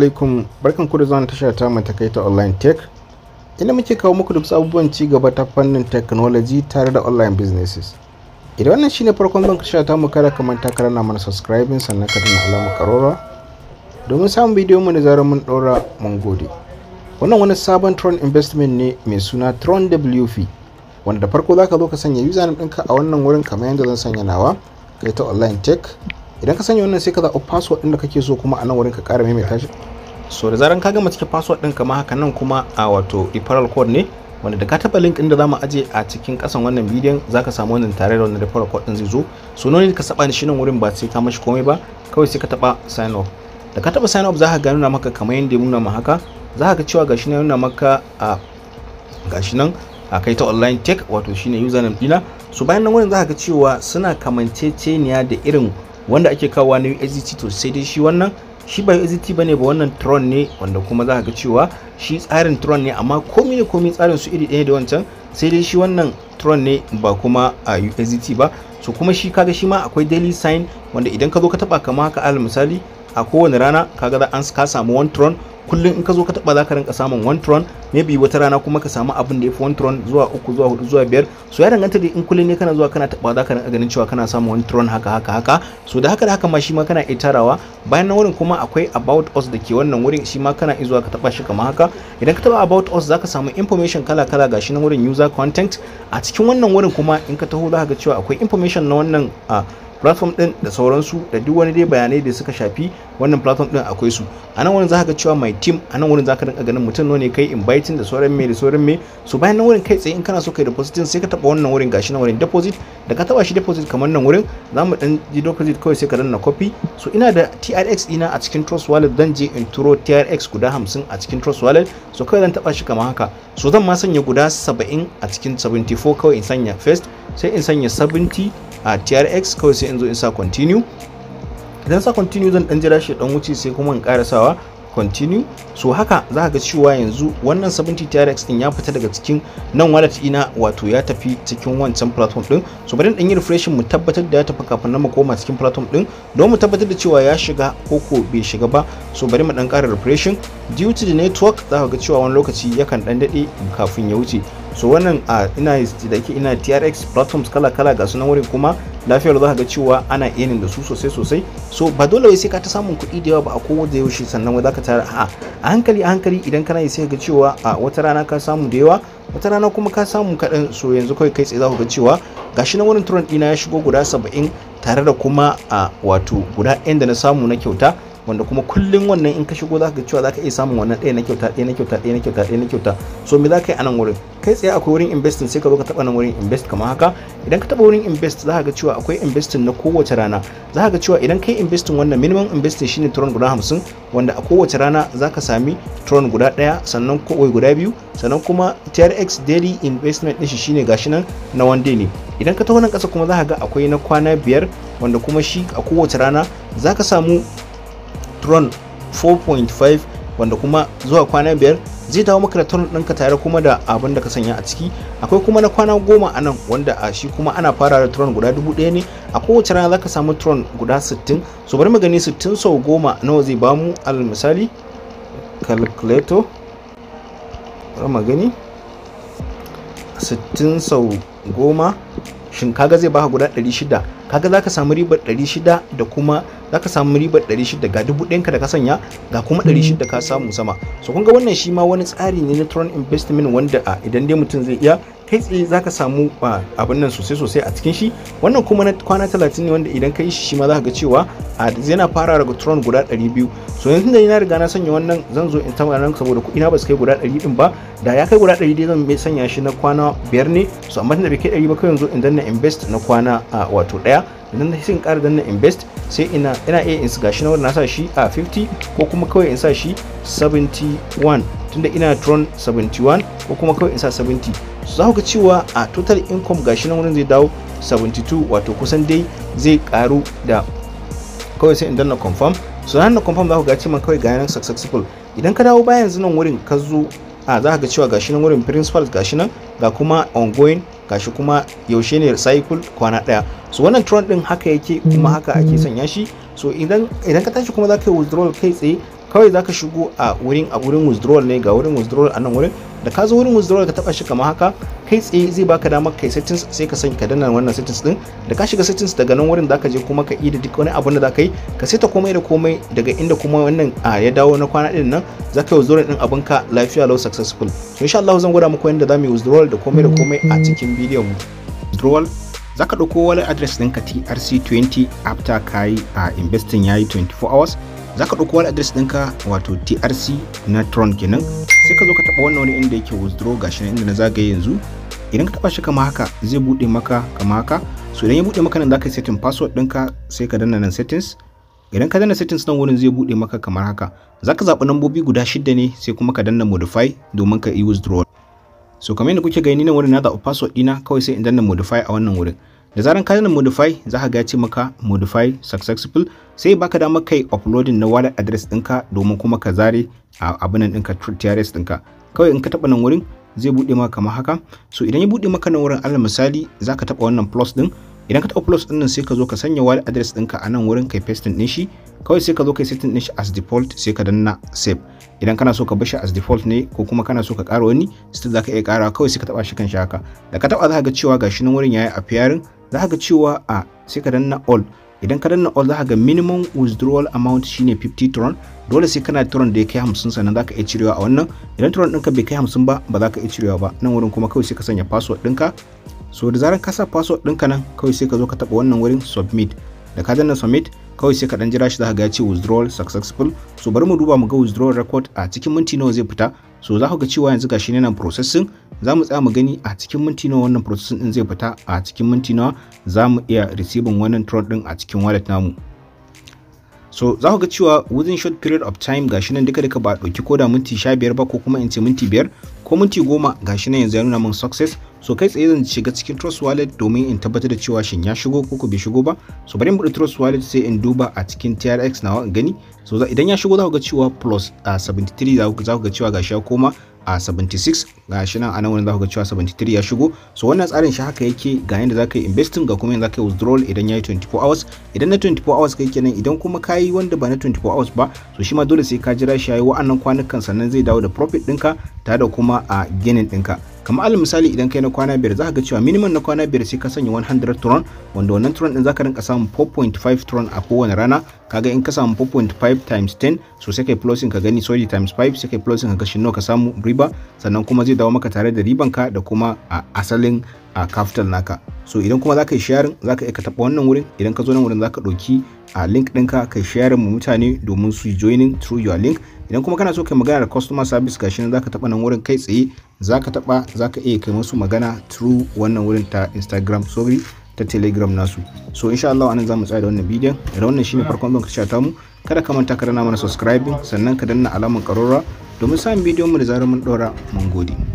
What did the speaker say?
alaikum barkan ku da zuwa tashar ta matakai ta online tech ina muke kawo muku duk abubuwan ci gaba ta fannin technology tare da online businesses idan wannan shine farkon zan tashar ta mu kada ka manta ka rana mana subscribing sannan ka tana alamar karora domin samun bidiyon mu da zarar mun ɗora mun gode wannan wani sabon tron investment ne mai suna tron wf wanda da farko zaka zo ka sanya username ɗinka a wannan wurin kamar yadda zan sanya nawa kai ta online tech idan ka sanya wannan sai ka zaɓi password ɗin da kake so kuma a nan wurin ka ƙara maimaita shi so da zaran ka gama cikin password ɗin kamar haka nan kuma a wato referral code ne wanda da ka taba link in da zamu aje a cikin kasan wannan bidiyon zaka samu wannan tare da wannan referral code din zai zo so noni ka saba ni shi nan wurin ba sai ka mashi komai ba kawai sai ka taɓa sign up da ka taɓa sign up zaka ga nuna maka kamar yadda ya nuna ma haka zaka ga cewa gashi nan nuna maka a gashi nan a kai ta online tech wato shine username dina so bayan nan wurin zaka ga cewa suna kamanceceniya da irin wanda ake kawo na USDT to sai dai shi wannan shi ba USDT bane ba wannan Tron ne wanda kuma za ka ga cewa shi tsarin Tron ne amma komi ne komi tsarin su iri ɗaya da wancan sai dai shi wannan Tron ne ba kuma a USDT ba so kuma shi kaga shi ma akwai daily sign wanda idan ka zo ka taba kama haka alal misali a kowane rana kaga za an ka samu one tron kullum in ka zo ka taba za ka rinka samun one tron maybe wata rana kuma ka samu abin da ya fi one tron zuwa uku zuwa hudu zuwa biyar so ya danganta da in kullum ne kana zuwa kana taba za ka rinka ganin cewa kana samun one tron haka haka haka so da haka da haka ma shi ma kana iya tarawa bayan nan wurin kuma akwai about us da ke wannan wurin shi ma kana zuwa ka taba shi kamar haka idan ka taba about us za ka samu information kala kala gashi nan wurin user content a cikin wannan wurin kuma in ka taho za ka ga cewa akwai information na wannan ah, platform din da sauransu da duk wani dai bayanai da suka shafi wannan platform din akwai su a nan wurin za ka cewa my team a nan wurin za ka ganin mutum nawa ne kai inviting da sauran me da sauran me so bayan nan wurin kai tsaye in kana so kai depositing sai ka taba wannan wurin gashi nan wurin deposit da ka taba shi deposit kamar nan wurin zamu dan ji deposit kawai sai ka danna copy so ina da TRX dina a cikin Trust Wallet zan je in turo TRX guda 50 a cikin Trust Wallet so kawai zan taba shi kamar haka so zan ma sanya guda 70 a cikin 74 kawai in sanya first sai in sanya 70 a trx kawai sai in zo in sa continue idan sa continue zan dan jira shi dan wuce sai kuma in karasawa continue so haka za ga cewa yanzu wannan 70 trx din ya fita daga cikin nan wallet ina wato ya tafi cikin wancan platform din so bari dan yi refreshing mu tabbatar da ya tafi kafin mu koma cikin platform din don mu tabbatar da cewa ya shiga ko ko bai shiga ba so bari mu dan kara refreshing due to the network za ga cewa wani lokaci yakan dan dade kafin ya wuce so wannan a ina da ke ina trx platforms kala kala ga sunan wurin kuma lafiyar za ga cewa ana yanin da su sosai sosai so ba dole sai ka ta samun kuɗi da yawa ba a kowa da yaushe sannan wai ka tara a hankali a hankali idan kana yi sai ga cewa a wata rana ka samu da yawa wata rana kuma ka samu kaɗan so yanzu kawai kai tsaye za ku ga cewa gashi na wurin turan ɗina ya shigo guda saba'in tare da kuma a wato guda ɗayan da na samu na kyauta wanda kuma kullum wannan in ka shigo za ka cewa za ka iya samun wannan ɗaya na kyauta ɗaya na kyauta ɗaya na kyauta ɗaya na kyauta so me za ka yi a nan wurin kai tsaye akwai wurin investing sai ka zo ka taɓa nan wurin invest kamar haka idan ka taɓa wurin invest za ka ga cewa akwai investing na kowace rana za ka ga cewa idan kai investing wannan minimum investing shine tron guda hamsin wanda a kowace rana za ka sami tron guda ɗaya sannan kowai guda biyu sannan kuma trx daily investment ɗin shi shine gashi nan na one day ne idan ka taho nan ƙasa kuma za ka ga akwai na kwana biyar wanda kuma shi a kowace rana za ka samu tron 4.5 wanda kuma zuwa kwana biyar zai dawo maka da tron ɗinka tare kuma da abin da ka sanya a ciki akwai kuma na kwana goma a nan wanda a shi kuma ana fara da tron guda dubu ɗaya ne a kowace rana zaka samu tron guda 60 so bari mu gani 60 sau goma nawa zai bamu alal misali calculator bari mu gani 60 sau goma shin kaga zai baka guda 600 kaga za ka samu ribar 600 da kuma za ka samu ribar ɗari shida ga dubu ɗinka da ka sanya ga kuma ɗari 600 ka samu sama so kun ga wannan shi ma wani tsari ne na tron investment wanda a idan dai mutum zai iya kai tsaye za ka samu abin nan sosai sosai a cikin shi wannan kuma na kwana 30 ne wanda idan ka yi shi ma za ka ga cewa a yana fara daga tron guda biyu. so yanzu da na riga na sanya wannan zan zo in tamara nan saboda kuɗi na ba su kai guda 100 din ba da ya kai guda 100 dai zan sanya shi na kwana biyar ne so amma tunda bai kai 100 ba kawai yanzu in danna invest na kwana wato ɗaya nan da sai in ƙara danna invest sai ina ina iya insa gashi na na sa shi a 50 ko kuma kawai insa shi 71 tunda ina tron 71 ko kuma kawai insa 70 za ku ga cewa a total income gashi na wurin zai dawo 72 wato kusan dai zai karu da kawai sai in danna confirm so nan na confirm za ku ga cewa kawai ga nan successful idan ka dawo bayan nan wurin ka zo a za ka ga cewa gashi nan wurin principal gashi nan ga kuma ongoing gashi kuma yaushe ne cycle kwana daya so wannan tron din haka yake kuma haka ake mm-hmm. sanya shi so idan idan ka tashi kuma za ka yi kai tsaye kawai za ka shigo a wurin a wurin withdrawal ne ga wurin withdrawal a nan wurin da ka zo wurin withdrawal ka taba shi kamar haka kai tsaye zai baka damar kai settings sai ka sanya ka danna wannan settings din da ka shiga settings daga nan wurin da ka je kuma ka yi duk wani abin da ka yi ka saita komai da komai daga inda kuma wannan a ah, ya dawo na kwana din nan ka yi withdrawal din abin ka lafiya lau successful to insha Allah zan gwada muku yadda zamu yi withdrawal da komai da komai a cikin bidiyon mu withdrawal ka dauko wallet address ka TRC20 after kai a ah, investing yayi 24 hours za ka ɗauki address adres ka wato trc na tron kenan sai ka zo ka taba wannan wani inda yake withdraw gashi inda na zagaye yanzu idan ka taba shi kama haka zai bude maka kama haka so idan ya bude maka nan zaka yi setting password ɗinka sai ka danna nan settings idan ka danna settings nan wurin zai bude maka kamar haka zaka zaɓi nambobi guda shida ne sai kuma ka danna modify domin ka yi withdrawal so kamar yadda kuke gani nan wurin na zaɓi password ɗina kawai sai in danna modify a wannan wurin da zaran ka danna modify za ka ga ce maka modify successful sai baka da kai uploading na wallet address ɗinka domin kuma ka zare abin nan ɗinka trs ɗinka kawai in ka taɓa nan wurin zai buɗe maka kamar haka so idan ya buɗe maka nan wurin alal misali zaka taba wannan plus din idan ka taba plus din nan sai ka zo ka sanya wallet address ɗinka a nan wurin kai paste din shi kawai sai ka zo kai setting din shi as default sai ka danna save idan kana so ka bar shi as default ne ko kuma kana so ka ƙara wani still zaka iya ƙara kawai sai ka taba shi kan shi haka da ka taba zaka ga cewa gashi nan wurin yayi appearing zaka ga cewa a sai ka danna all idan ka danna all zaka ga minimum withdrawal amount shine 50 tron dole sai kana tron da ya kai 50 sannan zaka iya cirewa a wannan idan tron ɗinka bai kai 50 ba ba zaka iya cirewa ba nan wurin kuma kawai sai ka sanya password ɗinka so da zaran ka sa password ɗinka nan kawai sai ka zo ka taba wannan wurin submit da ka danna submit kawai sai kaɗan jira shi za ka ga ce withdrawal successful so bari mu duba mu ga withdrawal record a cikin minti nawa zai fita so za ku ga cewa yanzu gashi ne nan processing za mu tsaya mu gani a cikin minti nawa wannan processing din zai fita a cikin minti nawa za mu iya receiving wannan tron din a cikin wallet namu so za ku ga cewa within short period of time gashi nan duka duka ba dauki koda minti 15 ba ko kuma in ce minti biyar ko minti goma gashi nan yanzu ya nuna min success so kai tsaye zan shiga cikin trust wallet domin in tabbatar da cewa shin ya shigo ko bai shigo ba so bari in buɗe trust wallet sai in duba a cikin trx nawa in gani so idan ya shigo za ku ga cewa plus ah, a 73 za ku ga cewa gashi ya koma a ah, 76 gashi nan anan wurin za ku ga cewa 73 ya shigo so wannan tsarin shi haka yake ga yanda za ka yi investing ga kuma yanda za ka yi withdrawal idan ya yi 24 hours idan na 24 hours kai kenan idan kuma ka yi wanda ba na 24 hours ba so shi ma dole sai ka jira shi ya yi wa'annan kwanukan sannan zai dawo da profit ɗinka tare da kuma a ah, ginin ɗinka kamar alal misali idan kai na kwana biyar za ka ga cewa minimum na kwana biyar sai ka sanya 100 tron wanda wannan tron din za ka rinka samun 4.5 tron a kowane rana kaga in ka samu 4.5 times 10 so sai kai plusin ka gani sorry times 5 sai kai plusin ka ga shin ka samu riba sannan kuma zai dawo maka tare da riban ka da kuma a asalin a capital naka so idan kuma za ka yi sharing za iya ka taɓa wannan wurin idan ka zo nan wurin za ka ɗauki a ah, link ɗinka ka yi sharing mu mutane domin su joining through your link idan kuma kana so kai magana da customer service gashi nan za ka taɓa nan wurin kai tsaye za ka taɓa za ka iya kai musu magana through wannan wurin ta instagram sorry ta telegram nasu so insha Allah anan zamu tsaya da wannan bidiyon da wannan shine farkon zan kashe ta mu kada ka manta ka mana subscribing sannan ka danna alamar karora domin samun bidiyon mu da zarar mun ɗora mun gode